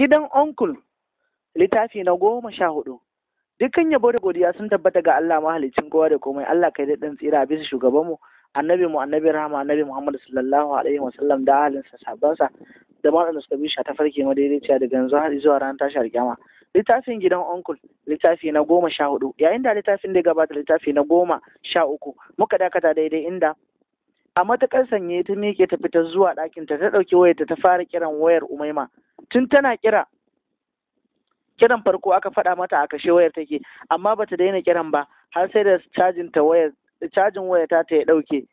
gidan onkul littafi na goma sha hudu dukkan yabo da godiya sun tabbata ga Allah mahalicin kowa da komai Allah kai daɗin tsira bisa shugabanmu annabi mu annabi rahama annabi Muhammad sallallahu alaihi wasallam da sa, sabansa da ma da suka bi ta farke madaidaiciya daga yanzu har zuwa ran tashi alƙiyama littafin gidan onkul littafi na goma sha hudu yayin da littafin da gabata littafi na goma sha uku muka dakata daidai inda a matakar sanye ta miƙe ta fitar zuwa ɗakinta ta ɗauki wayarta ta fara kiran wayar umaima tun tana kira kiran farko aka faɗa mata a kashe wayar take amma bata daina kiran ba har sai da cajin ta wayar cajin wayar ta ta ya ɗauke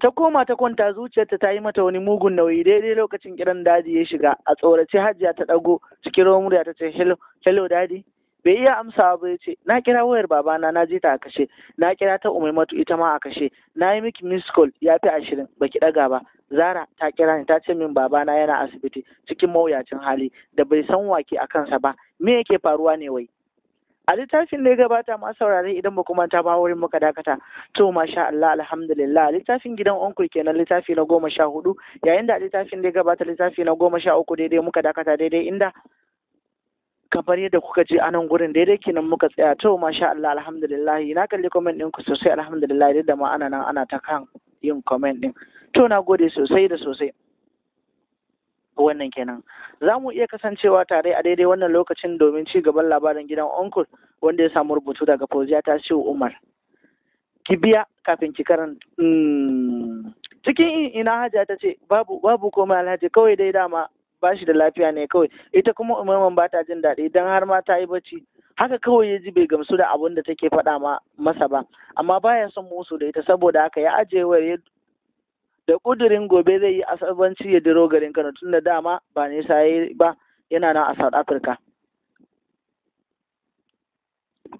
ta koma ta kwanta zuciyarta ta yi mata wani mugun nauyi daidai lokacin kiran dadi ya shiga a tsorace hajiya ta ɗago cikin romuriya ta ce hello hello dadi bai iya amsa ba ya ce na kira wayar babana na je ta a kashe na kira ta umaimatu ita ma a kashe na yi miki miss call ya fi ashirin baki ɗaga ba zara ta kira ni ta ce min babana yana asibiti cikin mawuyacin hali da bai san wake a kansa ba me yake faruwa ne wai a littafin da ya gabata ma saurare idan ba kuma ta ba wurin muka dakata to masha Allah alhamdulillah littafin gidan onkul kenan littafi na goma sha hudu yayin da littafin da ya gabata littafi na goma sha uku daidai muka dakata daidai inda kamar yadda kuka ji anan gurin daidai kenan muka tsaya to masha Allah alhamdulillah na kalli comment ɗinku sosai alhamdulillah duk da ma ana nan ana ta kan yin comment ɗin to na gode sosai da sosai wannan kenan za mu iya kasancewa tare a daidai wannan lokacin domin ci gaban labarin gidan onkul wanda ya samu rubutu daga fauziya ta umar ki biya kafin ki karanta hmm. cikin ina hajiya ta ce babu babu komai alhaji kawai dai dama ba shi da lafiya ne kawai ita kuma umarman ba ta jin daɗi don har ma ta yi bacci haka kawai ya ji bai gamsu da abun da take faɗa ma masa ba amma baya son musu da ita saboda haka ya ajiye wayar da ƙudurin gobe zai yi asabanci ya diro garin Kano tunda da dama ba nisa yayi ba yana nan a South Africa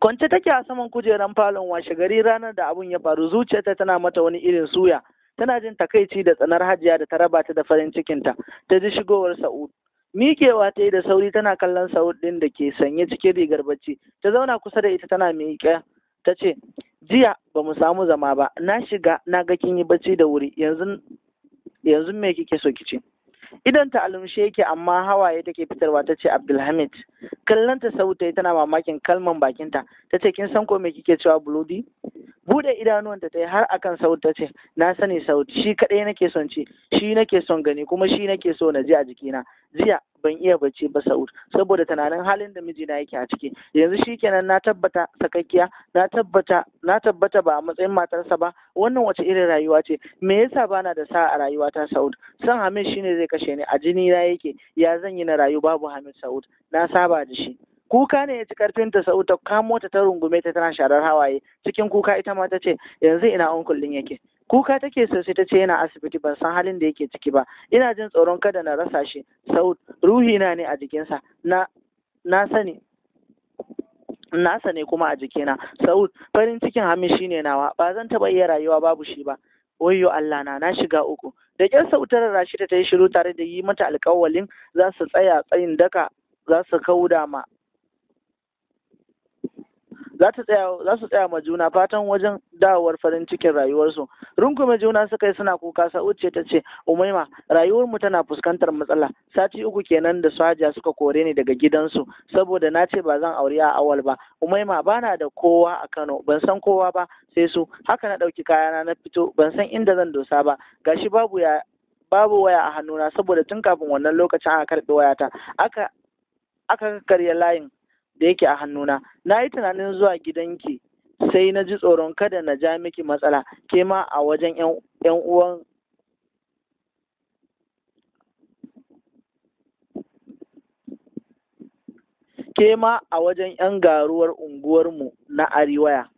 kwance take a saman kujeran falon washe gari ranar da abun ya faru zuciyarta tana mata wani irin suya tana jin takaici da tsanar hajiya da ta raba ta da farin cikinta ta ji shigowar sa'ud miƙewa ta yi da sauri tana kallon sa'ud ɗin da ke sanye cikin rigar bacci ta zauna kusa da ita tana miƙe ta ce jiya ba mu samu zama ba na shiga na ga kin yi bacci da wuri yanzu yanzu me kike so kici idonta a alumshe yake amma hawaye take fitarwa ta ce abdulhamid kallonta sautai tana mamakin kalman bakinta ta ce kin san ko me kike cewa bulodi bude idanuwanta ta yi har akan sauti ta ce na sani sauti shi kadai nake son ci shi nake son gani kuma shi nake so na ji a jikina jiya ban iya bacci ba Sa'ud saboda tunanin halin da mijina yake a ciki yanzu shi shikenan na tabbata sakakkiya na tabbata na tabbata ba a matsayin matarsa ba wannan wace irin rayuwa ce me yasa bana da sa a rayuwa, ta Sa'ud san Hamid shine zai kashe ni a jini na yake ya zan yi na rayu babu Hamid Sa'ud na saba da shi kuka ne ya ci karfin ta sau ta kamo ta ta rungume ta tana sharar hawaye cikin kuka ita ma ta ce yanzu ina onkul din yake kuka take sosai ta ce yana asibiti ban san halin da yake ciki ba ina jin tsoron kada na rasa shi sau ruhi na ne a jikinsa na na sani nasa ne kuma a jikina Sa'ud farin cikin Hamis shine nawa ba zan taba iya rayuwa babu shi ba wayo Allah na na shiga uku da ƙyar sautarar Rashida ta yi shiru tare da yi mata alƙawalin za su tsaya tsayin daka za su kauda ma za su tsaya ma juna fatan wajen dawowar farin cikin rayuwarsu rungume juna suka yi suna kuka sa'ud ce ta ce umaima rayuwar mu tana fuskantar matsala sati uku kenan da Hajiya suka kore ni daga gidansu saboda na ce ba zan aure a awal ba umaima bana da kowa a kano ban san kowa ba sai su haka na ɗauki kayana na fito ban san inda zan dosa ba gashi babu ya babu waya a hannuna saboda tun kafin wannan lokacin aka karɓi wayata aka aka karya layin da yake a hannuna na yi tunanin zuwa gidanki sai na ji tsoron kada na ja miki matsala ke ma a wajen yan uwan ke ma a wajen yan garuwar unguwarmu na ariwaya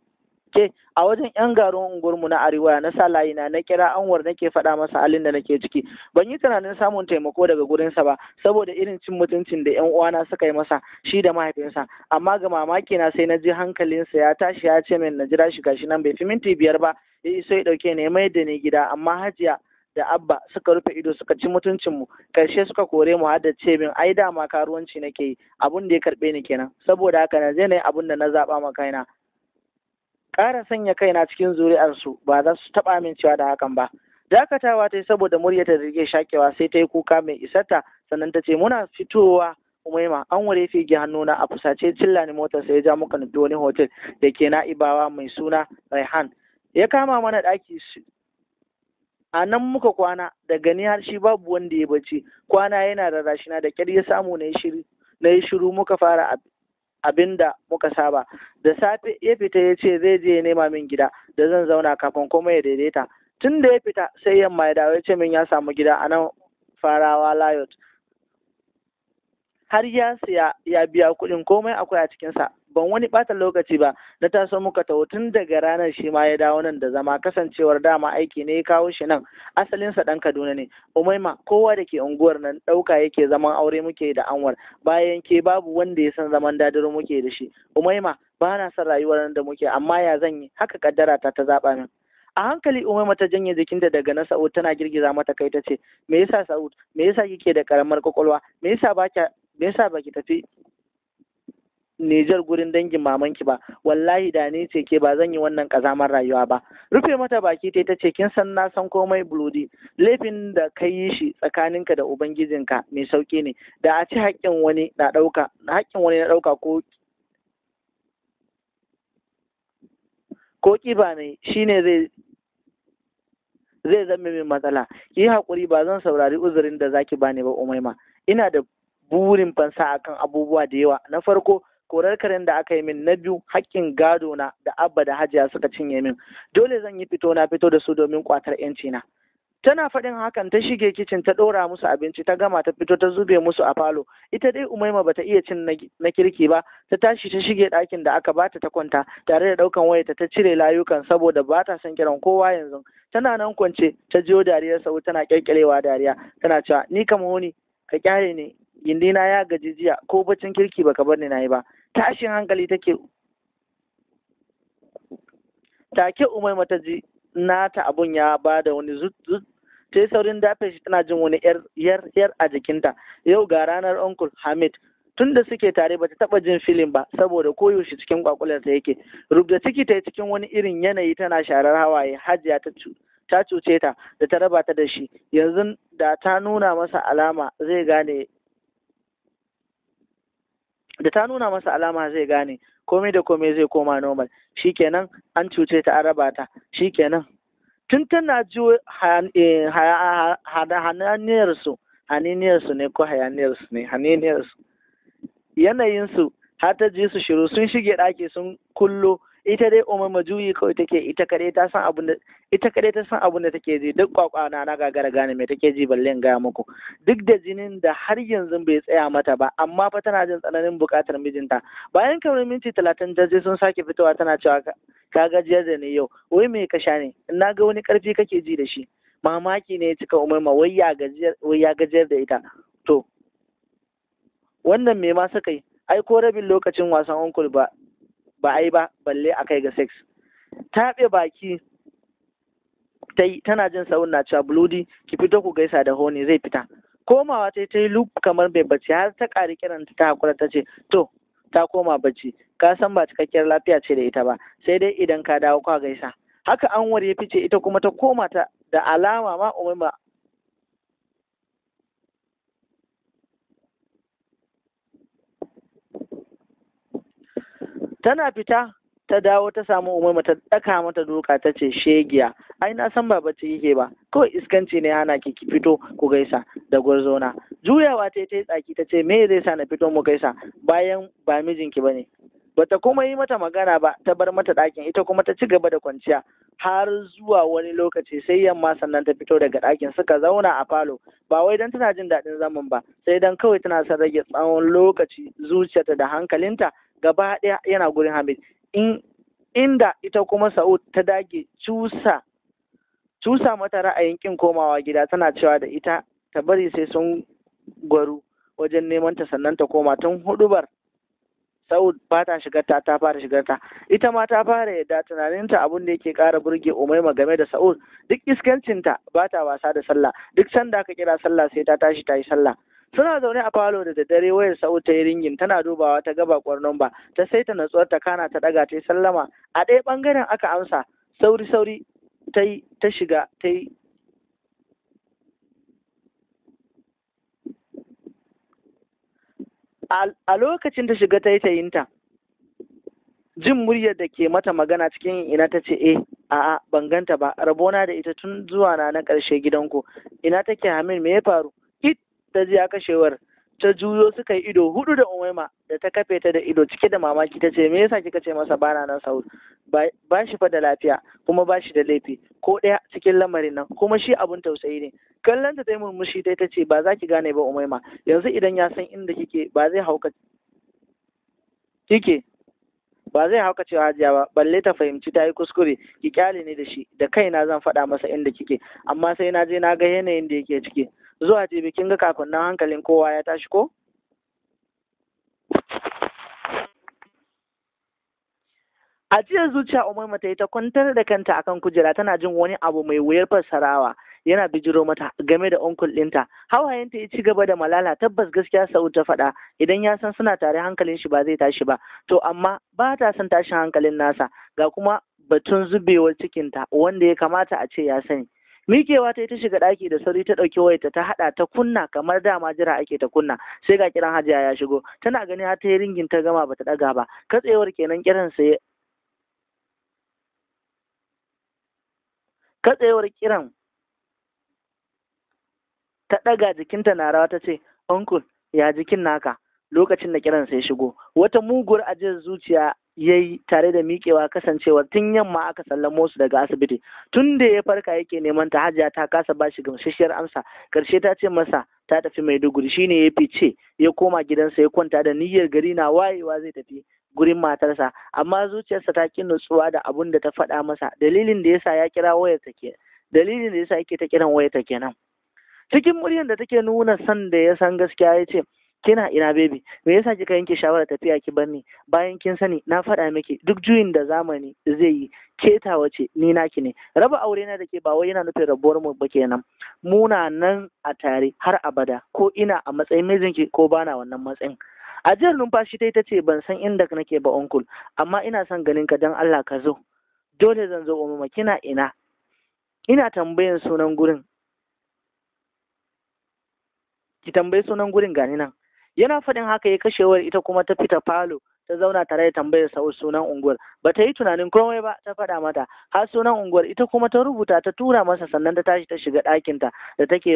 gaske a wajen yan garin mu na arewa na sa layi na kira anwar nake faɗa masa halin da nake ciki ban yi tunanin samun taimako daga gurinsa ba saboda irin cin mutuncin da yan uwana suka yi masa shi da mahaifinsa amma ga mamaki na sai na ji hankalinsa ya tashi ya ce min na jira shi gashi nan bai fi minti biyar ba ya iso ya dauke ne mai da ni gida amma hajiya da abba suka rufe ido suka ci mutuncinmu karshe suka kore mu har da ce min ai dama karuwanci nake yi abun da ya karbe ni kenan saboda haka na je na yi abun da na zaba ma kaina ƙara sanya kaina cikin zuri'arsu ba za su taɓa amincewa da hakan ba dakatawa ta yi saboda muryarta ta take shakewa sai ta yi kuka mai isarta sannan ta ce muna fitowa umaima an ware fige hannuna a fusace cilla ni motar sai ya ja muka nufi wani hotel da ke na'ibawa mai suna raihan ya kama mana ɗaki a nan muka kwana da gani har shi babu wanda ya bacci kwana yana rarrashina da kyar ya samu na yi shiru muka fara abin da muka saba da safe ya fita ya ce zai je nema min gida da zan zauna kafin kuma ya daidaita tun da ya fita sai yamma ya dawo ya ce min ya samu gida a nan farawa layot har ya siya ya biya kuɗin komai akwai a cikinsa ban wani bata lokaci ba na taso muka taho tun daga ranar shi ma ya dawo nan da zama kasancewar dama aiki ne ya kawo shi nan asalinsa dan kaduna ne umaima kowa da ke unguwar nan dauka yake zaman aure muke da anwar bayan ke babu wanda ya san zaman dadiro muke da shi umaima ba na son rayuwar nan da muke amma ya zan yi haka kaddara ta ta zaba min a hankali umaima ta janye jikinta daga na sa'ud tana girgiza mata kai ta ce me yasa sa'ud me yasa kike da karamar kwakwalwa me yasa ba me yasa baki tafi Nijar gurin dangin mamanki ba wallahi da ni ce ke ba zan yi wannan kazamar rayuwa ba rufe mata baki ta ce kin san na san komai bulodi laifin da ka yi shi tsakaninka da ubangijinka mai sauki ne da a ci haƙƙin wani na ɗauka haƙƙin wani na ɗauka ko ko ne shine zai zai zama min matsala ki yi haƙuri ba zan saurari uzurin da zaki bani ba umaima ina da burin fansa akan abubuwa da yawa na farko korar karen da aka yi min na biyu haƙƙin gado na da abba da hajiya suka cinye min dole zan yi fito na fito da su domin kwatar yanci na tana faɗin hakan ta shige kicin ta ɗora musu abinci ta gama ta fito ta zube musu a falo ita dai umaima bata iya cin na kirki ba ta tashi ta shige ɗakin da aka bata ta kwanta tare da ɗaukan wayarta ta cire layukan saboda bata ta son kiran kowa yanzu tana nan kwance ta jiyo dariyar sau tana kyalkyalewa dariya tana cewa ni kama wani ka kyare ne gindina ya gaji jiya ko baccin kirki baka bar ni na yi ba tashin hankali take take umaima ta ji nata abun ya ba da wani zuzu ta yi saurin dafe shi tana jin wani yar a jikinta yau ga ranar uncle hamid tun da suke tare ba ta taba jin filin ba saboda koyaushe cikin ta yake rubda ciki ta yi cikin wani irin yanayi tana sharar hawaye hajiya ta ta cuce ta da ta raba ta da shi yanzu da ta nuna masa alama zai gane da ta nuna masa alama zai gane komai da komai zai koma normal shikenan an cuce ta an raba ta shikenan tun tana ji eh, hananiyarsu haniniyarsu ne ko su ne yanayinsu har ta ji su shiru sun shige ɗaki sun kullo ita dai umar juyi kawai take ita kadai ta san abin da ita kare ta san abin da take ji duk kwakwana na gagara gane me take ji balle in gaya muku duk da jinin da har yanzu bai tsaya mata ba amma fa tana jin tsananin bukatar mijinta bayan kamar minti talatin ta je sun sake fitowa tana cewa ka gajiyar da ni yau wai me ka sha ne na ga wani karfi kake ji da shi mamaki ne ya cika Umar gajiyar wai ya gajiyar da ita to wannan me ma suka yi ai ko rabin lokacin wasan onkul ba ba a yi ba balle a kai ga sex taɓe baki ta tana jin saurin na cewa bludi ki fito ku gaisa da honi zai fita komawa ta ta yi loop kamar bai bacci har ta ƙari kiran ta hakura ta ce to ta koma bacci ka san ba cikakkiyar lafiya ce da ita ba sai dai idan ka dawo ka gaisa haka an ya fice ita kuma ta koma ta da alama ma umaima tana fita ta dawo ta samu umaima ta daka mata doka ta ce shegiya ai na san ba bacci yake ba kawai iskanci ne ana ki ki fito ku gaisa da gwarzona juyawa ta ta tsaki ta ce me zai sa na fito mu gaisa bayan ba mijinki bane bata kuma yi mata magana ba ta bar mata ɗakin ita kuma ta ci gaba da kwanciya har zuwa wani lokaci sai yamma sannan ta fito daga ɗakin suka zauna a falo ba wai don tana jin daɗin zaman ba sai don kawai tana son rage tsawon lokaci zuciyarta da hankalinta gaba ɗaya yana gurin Hamid in inda ita kuma Sa'ud ta dage cusa cusa mata ra'ayin kin komawa gida tana cewa da ita ta bari sai sun gwaru wajen neman ta sannan ta koma tun hudubar Sa'ud ba ta ta fara shigar ita ma ta fara yadda tunaninta abin da yake ƙara burge Umaima game da Sa'ud duk iskancinta ba ta wasa da sallah duk sanda aka kira sallah sai ta tashi ta yi sallah suna zaune a falo da daddare wayar sa'u ta yi ringin tana dubawa ta gaba kwarnon ba ta ta natsuwar ta kana ta daga ta yi sallama a ɗaya ɓangaren aka amsa sauri sauri ta yi ta shiga ta yi a lokacin ta shiga ta yi tayinta jin muryar da ke mata magana cikin ina ta ce eh a'a ban ganta ba rabona da ita tun zuwa na na ƙarshe gidanku ina take hamil me ya faru ta ji a kashewar ta juyo suka yi ido hudu da umaima da ta kafe ta da ido cike da mamaki ta ce me yasa kika ce masa bana nan sahur ba shi fa da lafiya kuma ba shi da laifi ko ɗaya cikin lamarin nan kuma shi abun tausayi ne kallon ta yi murmushi ta ta ce ba za ki gane ba umaima yanzu idan ya san inda kike ba zai hauka kike ba zai hauka cewa hajiya ba balle ta fahimci ta yi kuskure ki kyale ne da shi da kaina zan faɗa masa inda kike amma sai na je na ga yanayin da yake ciki zuwa jibi kin ga kafin nan hankalin kowa ya tashi ko a jiya zuciya umarma ta yi ta kwantar da kanta akan kujera tana jin wani abu mai wuyar fassarawa yana bijiro mata game da onkul ɗinta hawayenta ya ci gaba da malala tabbas gaskiya sa'ud ta faɗa idan ya san suna tare hankalin shi ba zai tashi ba to amma ba ta son tashin hankalin nasa ga kuma batun zubewar cikinta wanda ya kamata a ce ya sani mikewa ta yi ta shiga ɗaki da sauri ta ɗauki wayarta ta haɗa ta kunna kamar dama jira ake ta kunna sai ga kiran hajiya ya shigo tana gani har ta yi ringin ta gama bata ɗaga ba katsewar kenan kiran sai katsewar kiran ta ɗaga jikinta na rawa ta ce uncle ya jikin naka lokacin da kiran sai shigo wata muguwar ajiyar zuciya ya yi tare da miƙewa kasancewa tun yamma aka sallamo su daga asibiti tun da ya farka yake neman ta hajiya ta kasa ba shi gamsasshiyar amsa karshe ta ce masa ta tafi maiduguri shine ya fice ya koma gidansa ya kwanta da niyyar gari na wayewa zai tafi gurin matarsa amma zuciyarsa ta ki nutsuwa da abun da ta faɗa masa dalilin da yasa ya kira wayar ta ke dalilin da yasa yake ta kiran wayar ta kenan cikin muryar da take nuna san da ya san gaskiya ya ce kina ina baby me yasa kika yanke shawarar tafiya ki bar ni bayan kin sani na faɗa miki duk juyin da zamani zai yi ke wace, ce ni naki ne raba aure na da ke ba wai yana nufin rabuwar mu ba kenan muna nan a tare har abada ko ina a matsayin mijinki ko bana wannan matsayin ajiyar numfashi ta ce ban san inda nake ba onkul amma ina son ganin ka don Allah ka zo dole zan zo umma kina ina ina tambayan sunan gurin ki tambayi sunan gurin gani nan yana faɗin haka ya kashewar ita kuma ta fita falo ta zauna tare da tambayar sa sunan unguwar ba ta yi tunanin komai ba ta faɗa mata har sunan unguwar ita kuma ta rubuta ta tura masa sannan ta tashi ta shiga ta da take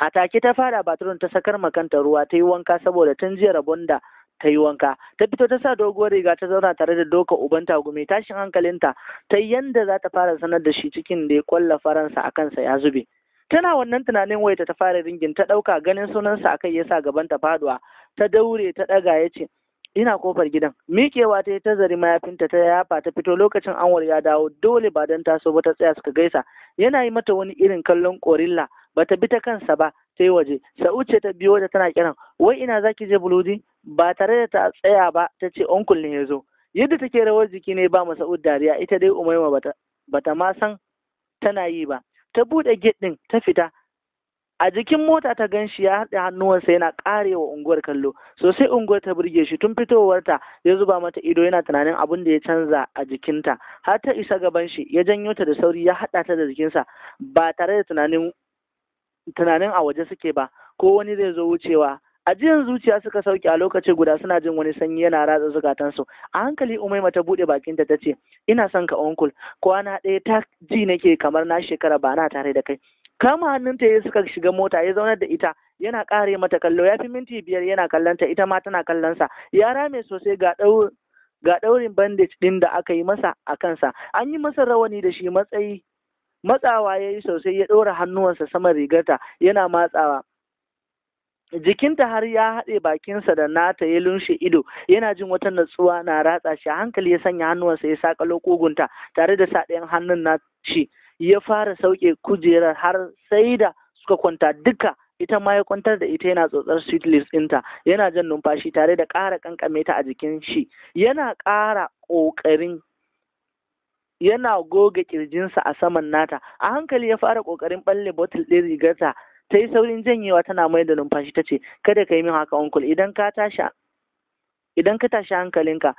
a take ta fara baturin ta sakar makanta ruwa ta yi wanka saboda tun jiya rabon da ta yi wanka ta fito ta sa doguwar riga ta zauna tare da doka uban tagumi tashin hankalinta ta yanda za ta fara sanar da shi cikin da ya kwalla faransa a kansa ya zube tana wannan tunanin wai ta fara ringin ta ɗauka ganin sunansa a kai ya gaban ta faduwa ta daure ta ɗaga ya ce ina kofar gidan miƙewa ta yi ta zari mayafinta ta yafa ta fito lokacin anwar ya dawo dole ba don taso ba ta tsaya suka gaisa yana yi mata wani irin kallon korilla ba ta bi ta kansa ba ta yi waje sa'ud ce ta biyo da tana kiran wai ina zaki je buludi ba tare da ta tsaya ba ta ce onkul ne ya zo yadda take rawar jiki ne ba masa'ud sa'ud dariya ita dai umaima ba ta ma san tana yi ba ta buɗe gate ɗin ta fita a jikin mota ta ganshi shi ya haɗe hannuwansa yana ƙarewa unguwar kallo sosai unguwar ta burge shi tun fitowarta ya zuba mata ido yana tunanin abin da ya canza a jikinta har ta isa gaban shi ya janyo ta da sauri ya haɗa ta da jikinsa ba tare da tunanin tunanin a waje suke ba ko wani zai zo wucewa a ajiyan zuciya suka sauke a lokaci guda suna jin wani sanyi yana ratsa zukatansu a hankali umaima ta buɗe bakinta ta ce ina son ka onkul kwana ɗaya ta ji nake kamar na shekara ba na tare da kai kama hannunta ya suka shiga mota ya zaunar da ita yana ƙare mata kallo ya fi minti biyar yana kallonta ita ma tana kallonsa ya rame sosai ga ɗau ga ɗaurin bandage ɗin da aka yi masa a kansa an yi masa rawani da shi matsayi matsawa ya yi sosai ya ɗora hannuwansa saman rigarta yana matsawa jikinta har ya haɗe bakinsa da nata ya lunshe ido yana jin wata natsuwa na ratsa shi a hankali ya sanya hannuwansa ya sakalo kugunta tare da sa ɗayan hannun na shi ya fara sauke kujerar har sai da suka kwanta duka ita ma ya kwantar da ita yana tsotsar sweet lips ɗinta yana jan numfashi tare da ƙara ƙanƙame ta a jikin shi yana ƙara ƙoƙarin yana goga ƙirjinsa a saman nata a hankali ya fara ƙoƙarin ɓalle botul ɗin rigarta ta yi saurin janyewa tana mai da numfashi ta ce kada ka yi min haka onkul idan ka tashi idan ka tashi hankalinka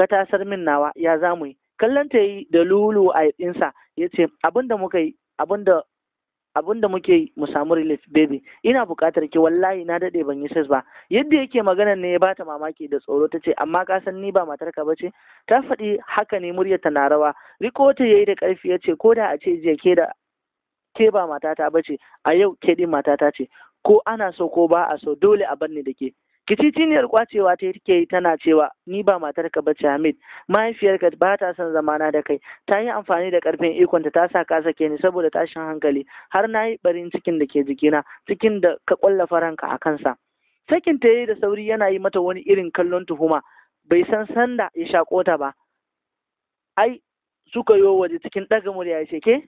ka tasar min nawa ya za mu yi kallon ta yi da lulu a ɗinsa ya ce abinda muka yi abinda abinda muke yi mu samu relief baby ina buƙatar ki wallahi na daɗe ban yi sex ba yadda yake maganar ne ya bata mamaki da tsoro ta ce amma ka san ni ba matarka ba ce ta faɗi haka ne muryar ta na rawa riko ta yayi da ƙarfi ya ce ko da a ce jiya da ke ba matata ba ce a yau ke din matata ce ko ana so ko ba a so dole a bar ni da ke kiciniyar kwacewa ta take tana cewa ni ba matarka ba ce Hamid mahaifiyarka ba ta son zamana da kai ta yi amfani da karfin ikonta ta sa ka sake ni saboda tashin hankali har na yi barin cikin da ke jikina cikin da ka kwalla faranka a kansa sakin ta yi da sauri yana yi mata wani irin kallon tuhuma bai san sanda ya shaƙo ta ba ai suka yi waje cikin ɗaga murya ya ce ke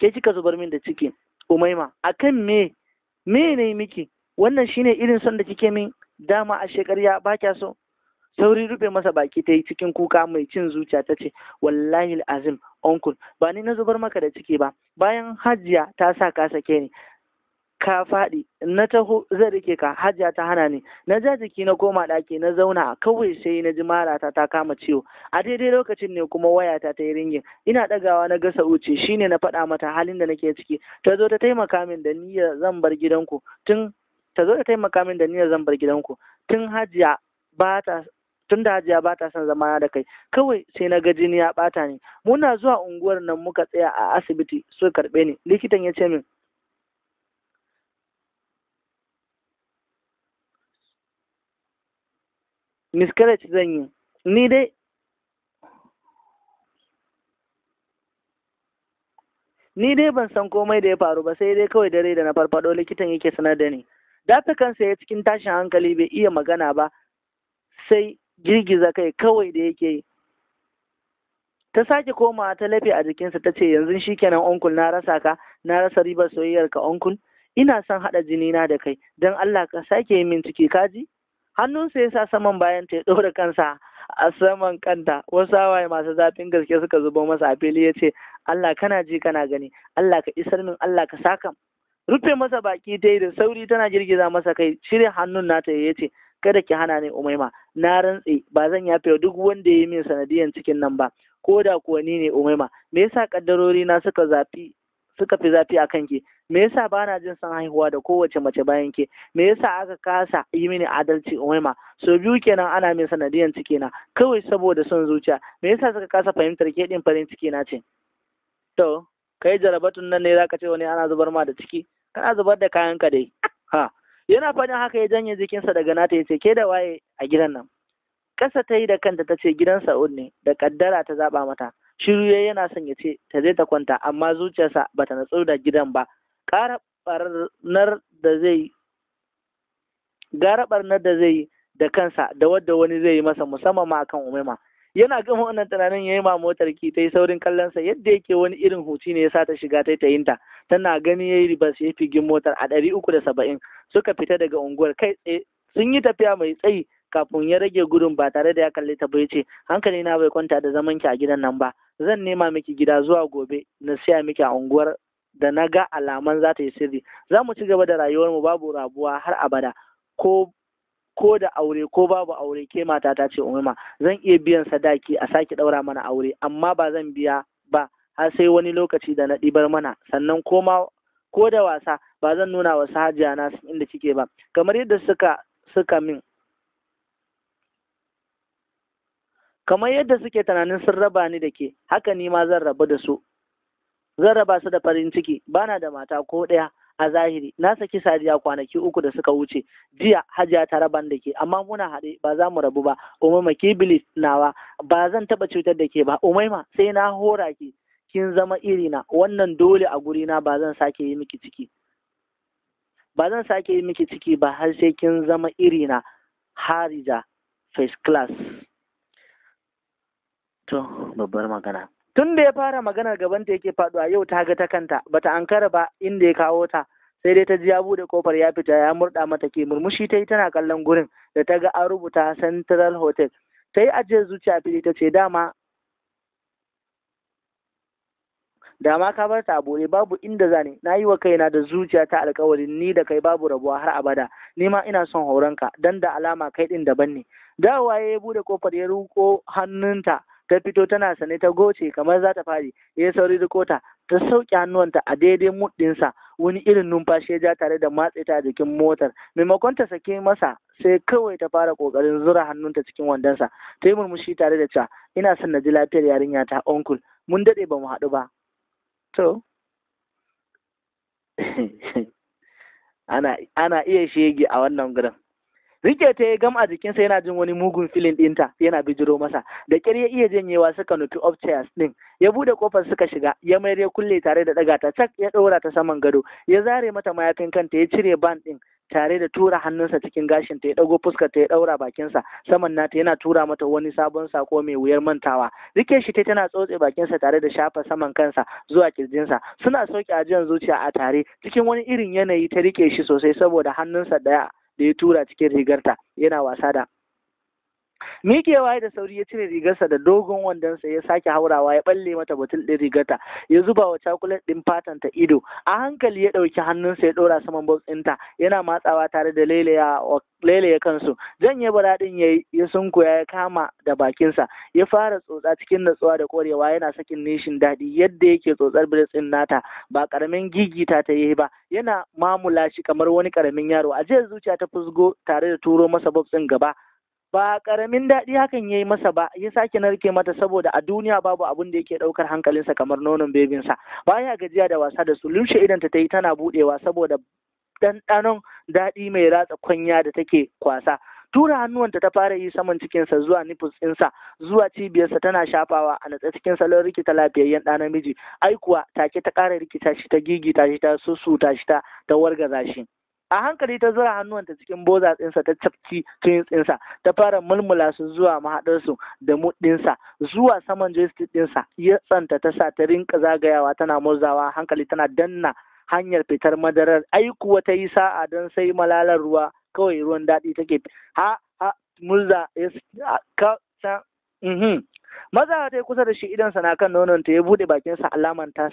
ke kika zubar min da ciki umaima akan me me ne miki wannan shine irin son da kike min dama a shekarya ba kya so sauri rufe masa baki ta yi cikin kuka mai cin zuciya ta ce wallahi azim uncle ba ni na zubar maka da ciki ba bayan hajiya ta sa ka sake ni ka faɗi na taho zai rike ka hajiya ta hana ni na ja jiki na koma ɗaki na zauna kawai sai na ji marata ta kama ciwo a daidai lokacin ne kuma waya ta yi ringin ina ɗagawa na gasa uce shine na faɗa mata halin da nake ciki ta zo ta taimaka min da niyyar zan bar gidanku tun ta zo ta taimaka min da niyyar zan bar gidanku tun hajiya ba ta tun da hajiya ba ta son zama da kai kawai sai na ga jini ya ɓata ni muna zuwa unguwar nan muka tsaya a asibiti so karɓe ni likitan ya ce min miscarriage zan yi ni dai ni dai ban san komai da ya faru ba sai dai kawai dare da na farfado likitan yake sanar da ni ta kansa ya cikin tashin hankali bai iya magana ba sai girgiza kai kawai da yake yi ta sake komawa ta lafe a jikinsa ta ce yanzu shikenan onkul na rasa ka na rasa ribar soyayyar ka onkul ina son haɗa jini na da kai don Allah ka sake yi min ciki kaji hannunsa ya sa saman bayan ta ya ɗora kansa a saman kanta wasu hawaye masu zafin gaske suka zuba masa a fili ya ce Allah kana ji kana gani Allah ka isar min Allah ka saka rufe masa baki ta yi da sauri tana girgiza masa kai Shirya hannun nata ya ce kada ki hana ni umaima na rantse ba zan yafe duk wanda ya yi min sanadiyan cikin nan ba ko da kuwa ni ne umaima me yasa kaddarori na suka zafi suka fi zafi a kanki me yasa ba na jin son haihuwa da kowace mace bayan ke me yasa aka kasa yi mini adalci umaima so biyu kenan ana min sanadiyan ciki na kawai saboda son zuciya me yasa suka kasa fahimtar ke din farin ciki na ce to kai jarabatun nan ne zaka ce wani ana zubar ma da ciki kana zubar da kayan ka dai ha yana faɗin haka ya janye jikinsa daga nata ya ce ke da waye a gidan nan kasa ta yi da kanta ta ce gidan sa'ud ne da kaddara ta zaba mata shiru yana son ya ce ta je ta kwanta amma zuciyarsa bata natsu da gidan ba ƙara ɓarnar da zai gara barnar da zai da kansa da wadda wani zai yi masa musamman ma akan umema yana gama wannan tunanin yayi ma motar ki ta yi saurin kallon sa yadda yake wani irin huci ne sa ta shiga ta yi ta tana gani yayi ribas ya figin motar a ɗari uku da saba'in suka fita daga unguwar kai tsaye sun yi tafiya mai tsayi kafin ya rage gudun ba tare da ya kalli ta bai ce hankali na bai kwanta da zaman ki a gidan nan ba zan nema miki gida zuwa gobe na siya miki a unguwar da na ga alaman za ta yi sirri za mu ci gaba da mu babu rabuwa har abada ko ko da aure ko babu aure ke mata ta ce umma zan iya biyan sadaki a sake ɗaura mana aure amma ba zan biya ba har sai wani lokaci da na ɗibar mana sannan koma ko da wasa ba zan nuna wa hajiya na inda kike ba kamar yadda suka suka min kamar yadda suke tunanin sun raba ni da ke haka ni ma zan rabu da su zan raba su da farin ciki bana da mata ko ɗaya a zahiri na saki sadiya kwanaki uku da suka wuce jiya hajiya ta raban da ke amma muna haɗe ba za mu rabu ba umaima ke bilis nawa ba zan taɓa cutar da ke ba umaima sai na hora ki kin zama irina wannan dole a gurina ba zan sake yi miki ciki ba zan sake yi miki ciki ba har sai kin zama irina harija first class to babbar magana tun da ya fara maganar gaban ta yake faduwa yau ta ga ta kanta bata ankara ba inda ya kawo ta sai dai ta ji ya bude kofar ya fita ya murda mata ke murmushi ta yi tana kallon gurin da ta ga an rubuta central hotel ta yi ajiyar zuciya fili ta ce dama dama ka bar ta bore babu inda zane na yi wa kaina da zuciya ta alkawarin ni da kai babu rabuwa har abada ni ma ina son horonka dan da alama kai din daban ne dawaye ya bude kofar ya ruko hannunta ta fito tana sane ta goce kamar za ta fari ya sauri rikota, ta ta sauke hannuwanta a daidai muɗinsa wani irin numfashi ya ja tare da matse ta jikin motar maimakon ta sake masa sai kawai ta fara kokarin zura hannunta cikin wandonsa ta yi murmushi tare da cewa ina son na ji lafiyar yarinya ta onkul mun daɗe ba mu haɗu ba to ana iya shege a wannan gurin rike ta ya gama a jikinsa yana jin wani mugun filin dinta, yana bijiro masa da ƙyar ya iya janyewa suka nufi upstairs ɗin ya bude kofar suka shiga ya mayar ya kulle tare da ɗaga ta cak ya ɗora ta saman gado ya zare mata mayafin kanta ya cire ban ɗin tare da tura hannunsa cikin gashin ta ya ɗago fuskar ta ya ɗaura bakinsa saman nata yana tura mata wani sabon sako mai wuyar mantawa rike shi ta tana tsotse bakinsa tare da shafa saman kansa zuwa kirjinsa suna sauke ajiyar zuciya a tare cikin wani irin yanayi ta rike shi sosai saboda hannunsa daya da ya tura cikin rigarta yana wasa da miƙewa da sauri ya cire rigarsa da dogon wandonsa ya sake haurawa ya balle mata batun ɗin rigarta ya zuba wa cakulet ɗin fatan ta ido a hankali ya ɗauki hannunsa ya ɗora saman box ɗinta yana matsawa tare da lelaya kansu janye bara ɗin ya ya sunkuya ya kama da bakinsa ya fara tsotsa cikin natsuwa da korewa yana sakin nishin daɗi yadda yake tsotsar biris ɗin nata ba karamin gigita ta yi ba yana mamula shi kamar wani karamin yaro A jiya zuciya ta fusgo tare da turo masa box ɗin gaba ba karamin daɗi hakan ya yi masa ba ya sake narke mata saboda a duniya babu abin da yake ɗaukar hankalinsa kamar nonon bebinsa baya gajiya da wasa da su lumshe idan ta yi tana buɗewa saboda ɗanɗanon daɗi mai ratsa kwanya da take kwasa tura hannuwanta ta fara yi saman cikinsa zuwa nifus ɗinsa zuwa cibiyarsa tana shafawa a natsa cikin salon rikita lafiyayyen ɗa namiji aikuwa take ta ƙara rikita shi ta gigita shi ta sussuta shi ta wargaza shi a hankali ta zura hannuwanta cikin boza tsinsa ta cafci tsinsa ta fara mulmula su zuwa mahaɗarsu da muɗinsa zuwa saman joystick ɗinsa ya tsanta ta sa ta rinka zagayawa tana murzawa hankali tana danna hanyar fitar madarar aikuwa ta yi sa'a don sai malalar ruwa kawai ruwan daɗi take ha ha murza ka ta uhm, uhm. maza ta yi kusa da shi idan na kan nonon ta ya buɗe bakinsa alaman ta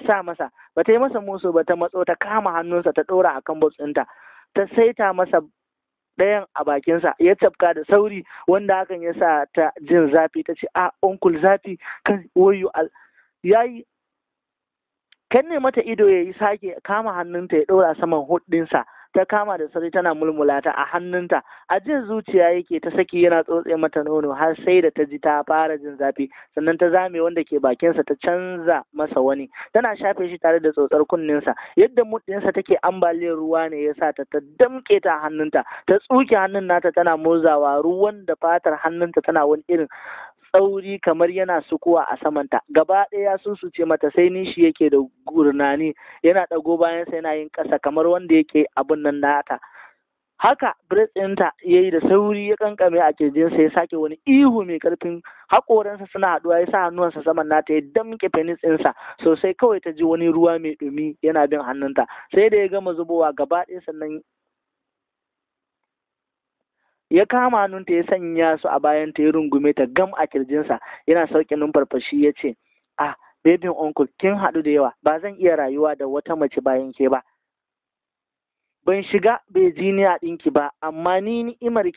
sa masa ba ta yi masa musu ba ta matso ta kama hannunsa ta ɗora a kan ɗinta ta saita masa ɗayan a bakinsa ya tafka da sauri wanda hakan ya sa ta jin zafi ta ce a onkul zafi kan wayo ya yi kan ne mata ido ya yi sake kama hannunta ya ɗora saman hudinsa ta kama da sauri tana mulmulata a hannunta a jin zuciya yake ta saki yana tsotse mata nono har sai da ta ji ta fara jin zafi sannan ta zame wanda ke bakinsa ta canza masa wani tana shafe shi tare da tsotsar kunninsa yadda mudinsa take ambaliyar ruwa ne ya sa ta ta damke ta hannunta ta tsuke hannun nata tana murzawa ruwan da fatar hannunta tana wani irin tsauri kamar yana sukuwa a samanta gaba ɗaya sun su ce mata sai nishi yake da gurnani yana ɗago bayan bayansa yana yin ƙasa kamar wanda yake abin nan nata haka bret ɗinta ya yi da sauri ya kankame a kirjinsa ya sake wani ihu mai karfin haƙoransa suna haɗuwa ya sa hannuwansa saman nata ya damƙe penis ɗinsa sosai kawai ta ji wani ruwa mai ɗumi yana bin hannunta sai da ya gama zubowa gaba ɗaya sannan ya kama hannunta ya sanya su a bayan ta yi rungume ta gam a kirjinsa yana sauke numfarfashi ya ce ah babin uncle kin haɗu da yawa ba zan iya rayuwa da wata mace bayan ke ba ban shiga bai a ɗinki ba amma ni ni'imar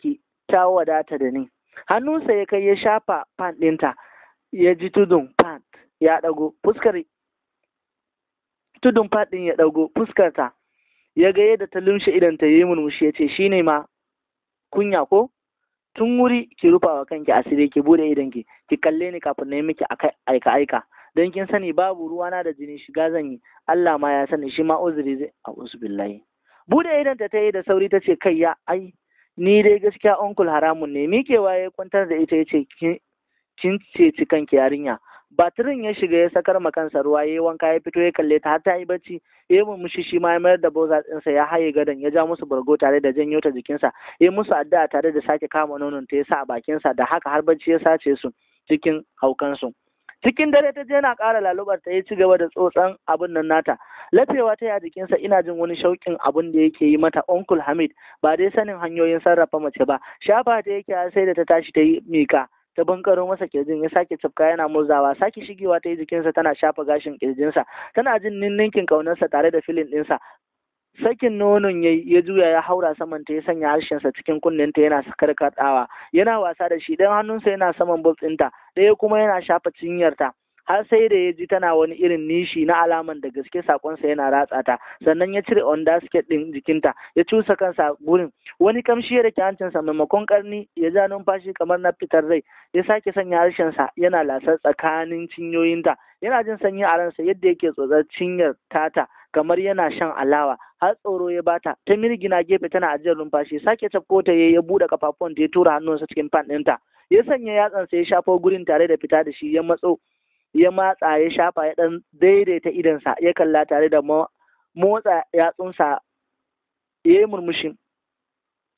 ki ta wadata da ni hannunsa ya kai ya shafa fan ɗinta ya ji tudun fan ya ɗago fuskar tudun ya ɗago fuskarta ya ga yadda ta lumshe idan ta yi murmushi ya ce shi ne ma kunya ko tun wuri ki rufa wa kanki asiri ki bude idan ki ki kalle ni kafin na yi miki aika aika don kin sani babu na da jini shiga zan yi Allah ma ya sani shi ma uzuri zai a billahi bude idan ta ta yi da sauri ta ce kai ya ai ni dai gaskiya onkul haramun ne mikewa waye kwantar da ita ya ce kin kanki yarinya batirin ya shiga ya sakar ma kansa ruwa Ya yi wanka ya fito ya kalle ta har ta yi bacci ya murmushi shi ma ya mayar da boza ɗinsa ya haye gadon ya ja musu bargo tare da janyo ta jikinsa ya musu addu'a tare da sake kama nonon ta ya sa a bakinsa da haka har bacci ya sace su cikin haukansu cikin dare ta je na ƙara lalubar ta ya ci gaba da tsotsan abin nan nata lafewa ta ya jikinsa ina jin wani shauƙin abun da yake yi mata uncle hamid ba dai sanin hanyoyin sarrafa mace ba shafa ta yake sai da ta tashi ta yi miƙa ta bankaro masa kirjin ya sake cifka yana murzawa sake shigewa ta yi jikinsa tana shafa gashin kirjinsa tana jin ninninkin kaunarsa tare da filin ɗinsa sakin nonon ya ya juya ya haura saman ta ya sanya harshensa cikin kunnen ta yana karkadawa yana wasa da shi dan hannunsa yana saman bulb ɗinta ɗaya kuma yana shafa cinyarta har sai da ya ji tana wani irin nishi na alaman da gaske sakonsa yana ratsa ta sannan ya cire onda sket din jikinta ya cusa kansa gurin wani kamshi ya rike hancinsa maimakon karni ya ja numfashi kamar na fitar rai ya sake sanya harshen harshensa yana lasar tsakanin cinyoyinta yana jin sanyi a ransa yadda yake tsotsar cinyar tata kamar yana shan alawa har tsoro ya bata ta mirgina gefe tana ajiyar numfashi sake tafko ta ya buɗe kafafuwan ta ya tura hannunsa cikin fan ɗinta ya sanya yatsansa ya shafo gurin tare da fita da shi ya matso ya matsa ya shafa ya ɗan daidaita idansa ya kalla tare da motsa yatsunsa ya yi murmushi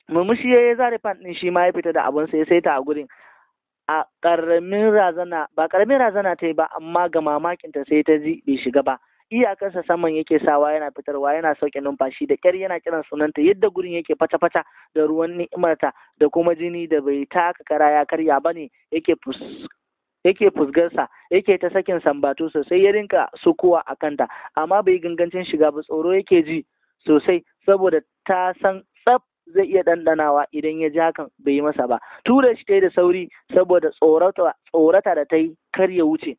murmushi ya yi zare fan ɗin shi ma ya fita da abinsa ya saita a gurin a ƙaramin razana ba ƙaramin razana ta yi ba amma ga mamakin ta sai ta ji bai shiga ba iyakarsa saman yake sawa yana fitarwa yana sauke numfashi da ƙyar yana kiran sunanta yadda gurin yake fata-fata da ruwan ni'imarta da kuma jini da bai taka kara ya karya ba ne yake yake fusgarsa yake ta sakin sambatu sosai ya rinka sukuwa a kanta amma bai gangancin shiga ba tsoro yake ji sosai saboda ta san tsaf zai iya ɗanɗanawa idan ya ji hakan bai yi masa ba tura shi ta da sauri saboda tsorata da ta yi kar ya wuce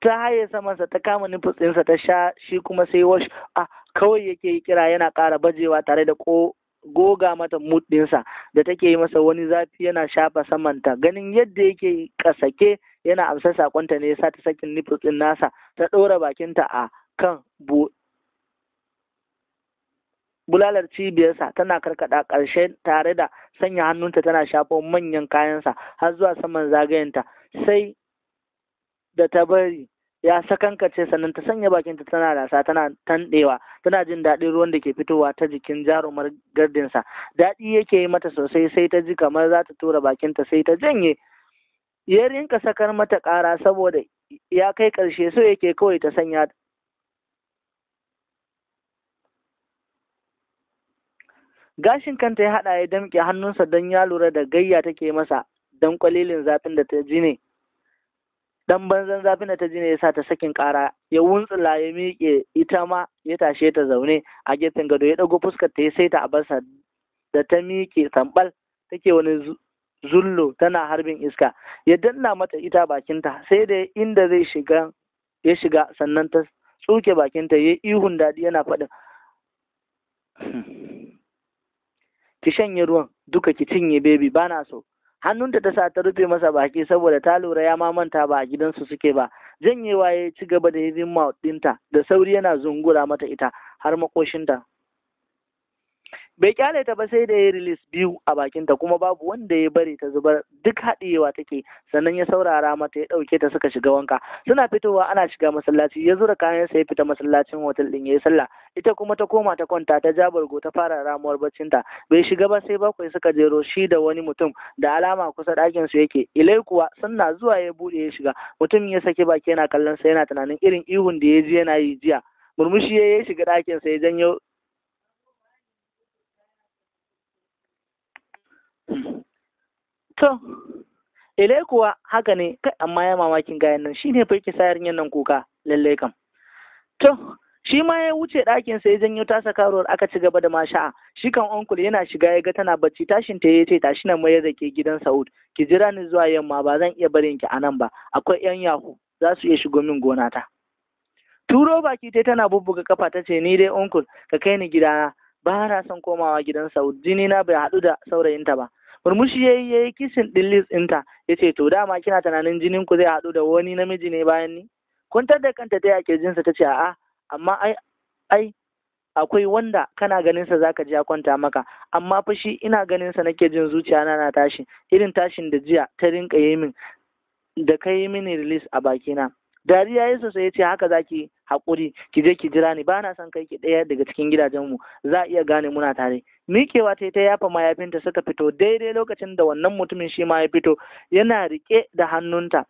ta haye samansa ta kama nufutsinsa ta sha shi kuma sai wash a ah, kawai yake kira yana ƙara bajewa tare da ko goga mata mudinsa da take yi masa wani zafi yana shafa samanta ganin yadda yake kasake yana amsa sakonta ne yasa ta sakin nipples ɗin nasa ta ɗora bakinta a kan bulalar cibiyarsa tana karkada ƙarshe tare da sanya hannunta tana shafa manyan kayansa har zuwa saman zagayenta sai da ta bari ya ce sannan ta sanya bakinta tana rasa tana tanɗewa, tana jin daɗin ruwan da ke fitowa ta jikin jarumar gardinsa daɗi yake yi mata sosai sai ta ji kamar za ta tura bakinta sai ta janye ya rinka sakar mata ƙara saboda ya kai ƙarshe so yake kawai ta sanya gashin kanta ya haɗa ya damƙe hannunsa don ya lura da gayya take masa don kwalilin zafin da ta ji ne dan banzan zafi na ta ji ne ya sa ta sakin kara ya wuntsula ya miƙe ita ma ya tashe ta zaune a gefen gado ya ɗago fuskar ta ya saita a basa da ta miƙe tambal take wani zullo tana harbin iska ya danna mata ita bakinta sai da inda zai shiga ya shiga sannan ta tsuke bakinta ya ihun daɗi yana faɗin hmm, ki shanye ruwan duka ki cinye bebi bana so hannunta ta sa ta rufe masa baki saboda ta lura ya mamanta ba a gidansu suke ba janyewa ya ci gaba da hidin ɗinta da sauri yana zungura mata ita har makoshinta bai kyale ta ba sai da ya release biyu a bakin ta kuma babu wanda ya bari ta zubar duk haɗiyewa take sannan ya saurara mata ya ɗauke ta suka shiga wanka suna fitowa ana shiga masallaci ya zura kayan sa ya fita masallacin hotel ɗin ya yi sallah ita kuma ta koma ta kwanta ta ja bargo ta fara ramuwar ta bai shiga ba sai bakwai suka jero shi da wani mutum da alama kusa ɗakin su yake ilai kuwa suna zuwa ya buɗe ya shiga mutum ya saki baki yana kallon sa yana tunanin irin ihun da ya ji yana yi jiya murmushi ya shiga ɗakin sa ya janyo to kuwa haka ne kai amma ya mamakin gayan nan Shi fa yake sayar nan kuka lallai kam to shi ma ya wuce ɗakin sai janyo tasa karuwar aka ci gaba da masha'a shi kan onkul yana shiga ya ga tana bacci tashin ta yace tashi nan mai zake gidan Saud ki jira ni zuwa yamma ba zan iya barin ki anan ba akwai yan yahu za su iya shigo min gona ta turo baki ta tana bubbuga kafa ta ce ni dai onkul ka kai ni gidana ba na son komawa gidan Saud jini na bai haɗu da saurayinta ba murmushi yayi yayi kishin ɗin lis ɗinta ce to dama kina tunanin jinin ku zai haɗu da wani namiji ne bayan ni kuntar da kanta ta yake jinsa ce a'a amma ai ai akwai wanda kana ganin sa zaka ji ya kwanta maka amma fa shi ina ganin sa nake jin zuciya na na tashi irin tashin da jiya ta rinka yi min da kai mini release a bakina dariya ya sosai ya ce haka zaki haƙuri ki je ki jira ni ba na son kai ki ɗaya daga cikin gidajenmu za a iya gane muna tare mikewa ta ta yafa mayafinta suka fito daidai lokacin da wannan mutumin shi ma ya fito yana riƙe da hannunta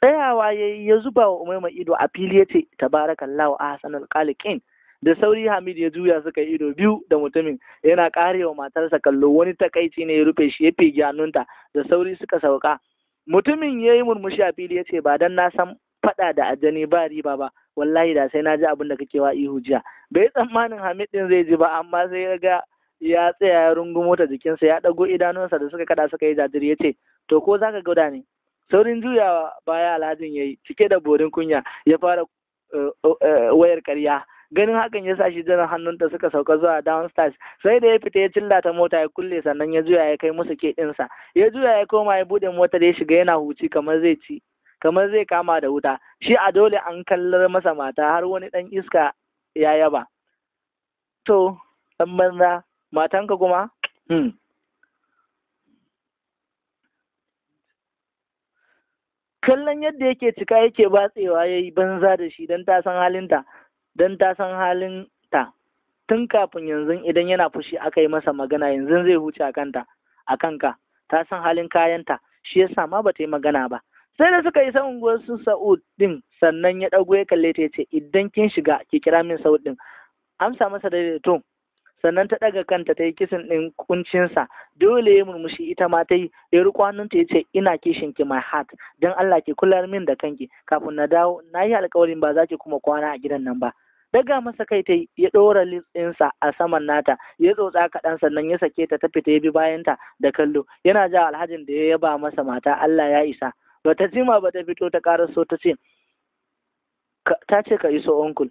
tsayawa ya ya zuba wa umaima ido a fili ya ce tabarakallahu hasan alƙalikin da sauri hamid ya juya suka yi ido biyu da mutumin yana ƙarewa matarsa kallo wani takaici ne ya rufe shi ya fege hannunta da sauri suka sauka mutumin ya yi murmushi a fili ya ce ba don na san faɗa da ajani ba riba ba wallahi da sai na ji abin da kake wa ihu jiya bai tsammanin hamid din zai ji ba amma sai ya ga ya tsaya ya rungumo ta jikinsa ya ɗago idanunsa da suka kada suka yi jajiri ya ce to ko zaka gauda ne saurin juyawa baya alhajin ya yi cike da borin kunya ya fara eh, eh, wayar karya ganin hakan ya sa shi jiran hannunta suka sauka zuwa downstairs sai da ya fita ya cilla ta mota ya kulle sannan ya juya ya kai musu ke ɗinsa ya juya ya koma ya buɗe motar ya shiga yana huci kamar zai ci kamar zai kama da wuta shi a dole an kallar masa mata har wani ɗan iska ya yaba to ɗan banza matanka kuma hmm. kallon yadda yake cika yake batsewa ya yi banza da shi don ta san halinta don ta halinta tun kafin yanzu idan yana fushi aka yi masa magana yanzu zai huce a kanta a kanka ta san halin kayanta shi yasa ma ba ta yi magana ba sai da suka san unguwar su sa'ud din sannan ya ɗago ya kalle ta ce idan kin shiga ki kira min sa'ud din amsa masa daidaito sannan ta ɗaga kanta ta yi kisan ɗin kuncinsa dole ya murmushi ita ma ta yi ya riƙo hannunta ya ce ina kishin ki my heart don Allah ke kular min da kanki kafin na dawo na yi alƙawarin ba za ki kuma kwana a gidan nan ba daga masa kai ta ya ɗora litsinsa a saman nata ya tsotsa kaɗan sannan ya sake ta ta fita ya bi bayanta da kallo yana ja alhajin da ya yaba masa mata Allah ya isa bata jima ba ta fito ta so ta ce ta ce ka iso onkul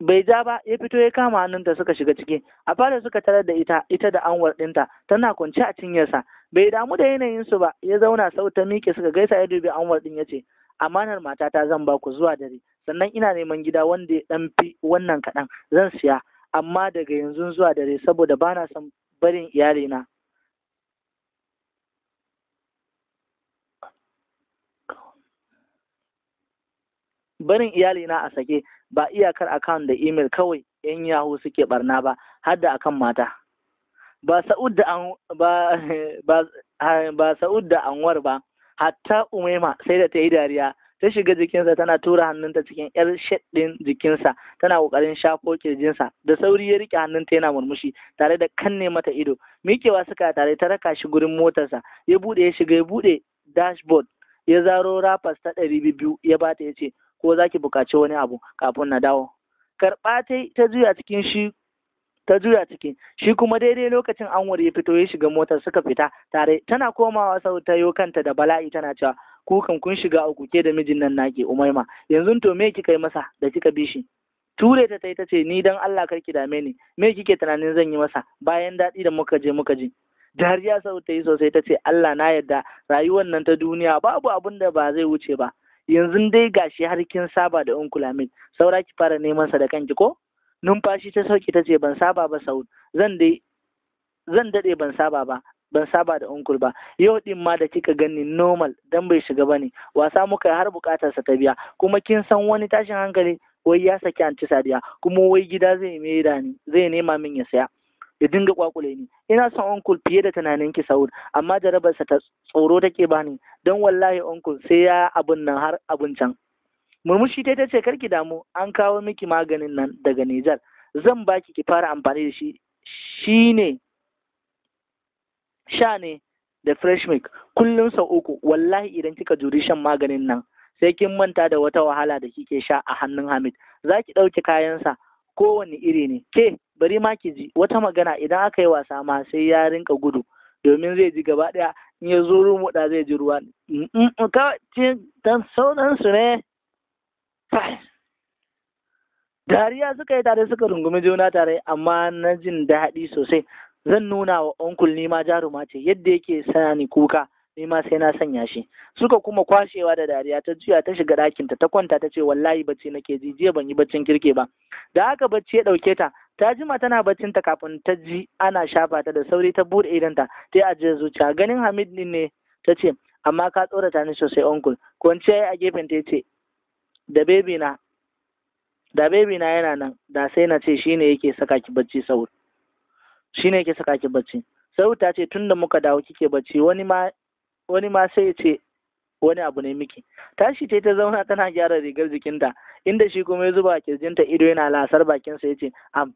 bai ja ba ya fito ya kama hannunta suka shiga ciki a fara suka tarar da ita ita da anwar ɗinta tana kwance a cinyarsa bai damu da yanayinsu ba ya zauna sau ta miƙe suka gaisa ya dubi anwar ɗin ya ce amanar matata zan ba ku zuwa dare sannan ina neman gida wanda ya ɗan fi wannan kaɗan zan siya amma daga yanzu zuwa dare saboda bana son barin iyalina barin iyalina a sake ba iyakar akawun da email kawai yan yahu suke barna ba har da akan mata ba sa'ud da anwar ba hatta umaima sai da ta yi dariya ta shiga jikinsa tana tura hannunta cikin yar shaɗin jikinsa tana ƙoƙarin shafo kirjinsa da sauri ya riƙe hannunta yana murmushi tare da kanne mata ido miƙewa suka tare ta raka shi gurin motarsa ya buɗe ya shiga ya buɗe dashboard ya zaro rafas ta ɗari biyu ya bata ya ce ko za ki buƙaci wani abu kafin na dawo karɓa ta juya cikin shi ta juya ciki shi kuma daidai lokacin anwar ya fito ya shiga motar suka fita tare tana komawa sau ta yo kanta da bala'i tana cewa kukan kun shiga a kuke da mijin nan naki umaima yanzu to me kika yi masa da kika bi shi ture ta tai ce, ni dan Allah kar ki dame ni me kike tunanin zan yi masa bayan daɗi da muka je muka ji dariya sau ta yi sosai ce Allah na yarda rayuwar nan ta duniya babu abin da ba zai wuce ba yanzu dai gashi har kin saba da uncle saura ki fara neman sa da kanki ko numfashi ta sauki ta ce ban saba ba Saud zan dai zan dade ban saba ba ban saba da uncle ba yau din ma da kika gani normal dan bai shiga bane wasa muka har bukatar sa ta biya kuma kin san wani tashin hankali wai ya saki anti sadiya kuma wai gida zai mai ni zai nema min ya saya ya dinga kwakule ni ina son onkul fiye da tunanin ki Saud amma jarabarsa ta tsoro take bani don wallahi onkul sai ya abun nan har abun can murmushi ta ce karki damu an kawo miki maganin nan daga Nijar zan baki ki fara amfani da shi shine sha ne da fresh milk kullum sau uku wallahi idan kika juri shan maganin nan sai kin manta da wata wahala da kike sha a hannun Hamid za ki ɗauki kayansa kowane iri ne ke bari ma ki ji wata magana idan aka yi wasa ma sai ya rinka gudu domin zai ji gaba ɗaya in ya zo ruwa da zai ji ruwa dan su ne dariya suka yi tare suka rungumi juna tare amma na jin daɗi sosai zan nuna wa onkul nima jaruma ce yadda yake ni kuka ni sai na sanya shi suka kuma kwashewa da dariya ta juya ta shiga ɗakinta ta kwanta ta ce wallahi bacci nake ji jiya ban yi baccin kirke ba da haka bacci ya ɗauke ta ta jima tana baccin ta kafin ta ji ana shafa ta da sauri ta bude idanta ta jiya zuciya ganin Hamid din ne ta ce amma ka tsorata ni sosai uncle kwanciya a gefen ta ce da baby na da baby na yana nan da sai na ce shine yake saka ki bacci saur shine yake saka ki bacci saur ta ce tunda muka dawo kike bacci wani ma wani ma sai ya ce wani abu ne miki tashi ta ta zauna tana gyara rigar jikinta inda shi kuma ya zuba kirjinta ido yana lasar bakinsa ya ce am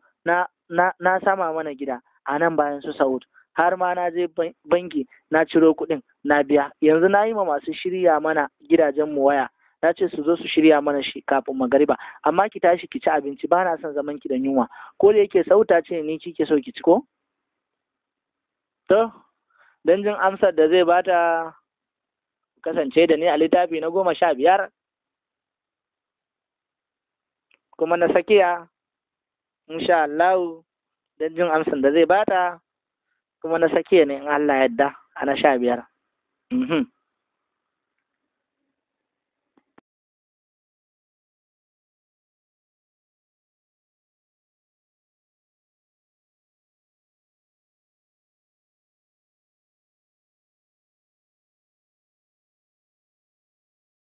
na sama mana gida a nan bayan su Saud har ma na je banki na ciro kuɗin na biya yanzu na yi ma masu shirya mana gidajen mu waya na ce su zo su shirya mana shi kafin magariba amma ki tashi ki ci abinci ba na son zaman ki da yunwa ko da yake ta ce ni kike so ki ci ko to dan jin amsar da zai bata kasance da ni a littafi na goma sha biyar kuma na sakiya insha Allah don jin amsan da zai bata kuma na sake ne in Allah yadda a na sha biyar. Mhm.